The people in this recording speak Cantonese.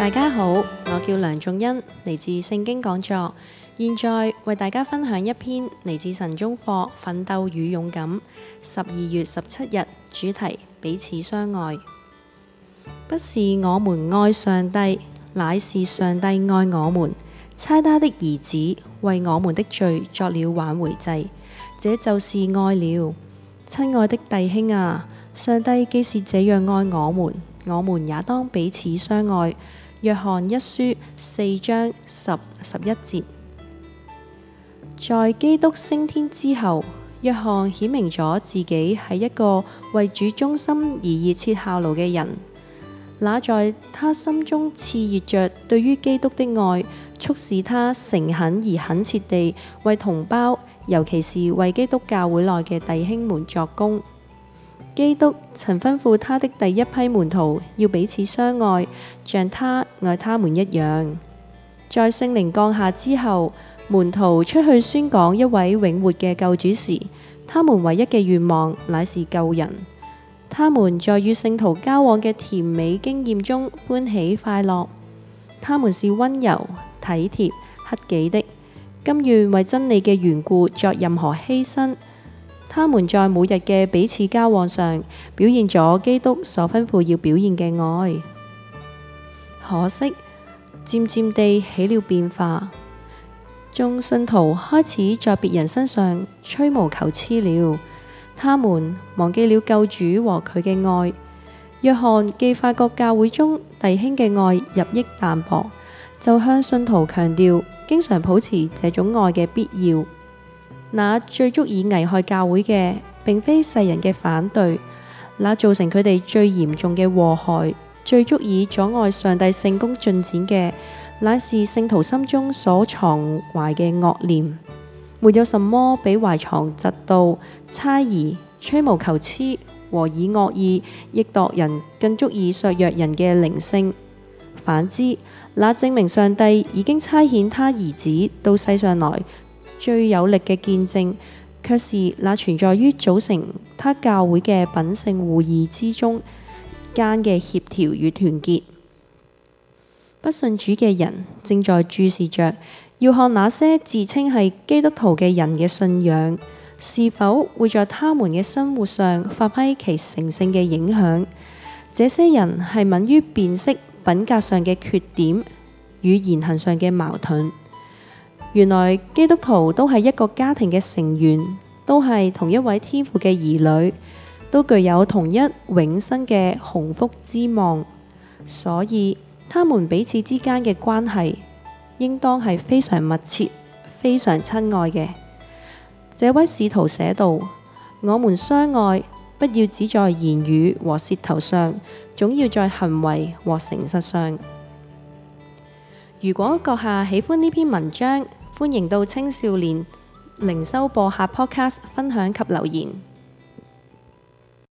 大家好，我叫梁仲恩，嚟自聖經講座。現在為大家分享一篇嚟自神中課《奮鬥與勇敢》十二月十七日主題彼此相愛，不是我們愛上帝，乃是上帝愛我們。差他的兒子為我們的罪作了挽回祭，這就是愛了。親愛的弟兄啊，上帝既是這樣愛我們，我們也當彼此相愛。約翰一書四章十十一節，在基督升天之後，約翰顯明咗自己係一個為主忠心而熱切效勞嘅人。那在他心中熾熱着對於基督的愛，促使他誠懇而懇切地為同胞，尤其是為基督教會內嘅弟兄們作工。基督曾吩咐他的第一批門徒要彼此相愛，像他愛他們一樣。在聖靈降下之後，門徒出去宣講一位永活嘅救主時，他們唯一嘅願望乃是救人。他們在與聖徒交往嘅甜美經驗中歡喜快樂。他們是温柔、體貼、克己的，甘願為真理嘅緣故作任何犧牲。他們在每日嘅彼此交往上，表現咗基督所吩咐要表現嘅愛。可惜，漸漸地起了變化，眾信徒開始在別人身上吹毛求疵了。他們忘記了救主和佢嘅愛。約翰既發覺教會中弟兄嘅愛日益淡薄，就向信徒強調經常保持這種愛嘅必要。那最足以危害教會嘅，並非世人嘅反對；那造成佢哋最嚴重嘅禍害，最足以阻礙上帝聖工進展嘅，乃是聖徒心中所藏懷嘅惡念。沒有什麼比懷藏嫉妒、猜疑、吹毛求疵和以惡意，亦度人更足以削弱人嘅靈性。反之，那證明上帝已經差遣他兒子到世上來。最有力嘅見證，卻是那存在於組成他教會嘅品性互異之中間嘅協調與團結。不信主嘅人正在注視着，要看那些自稱係基督徒嘅人嘅信仰是否會在他們嘅生活上發揮其神性嘅影響。這些人係敏於辨識品格上嘅缺點與言行上嘅矛盾。原來基督徒都係一個家庭嘅成員，都係同一位天父嘅兒女，都具有同一永生嘅鴻福之望。所以，他們彼此之間嘅關係，應當係非常密切、非常親愛嘅。這位使徒寫道：我們相愛，不要只在言語和舌頭上，總要在行為和誠實上。如果閣下喜歡呢篇文章，歡迎到青少年靈修播客 podcast 分享及留言。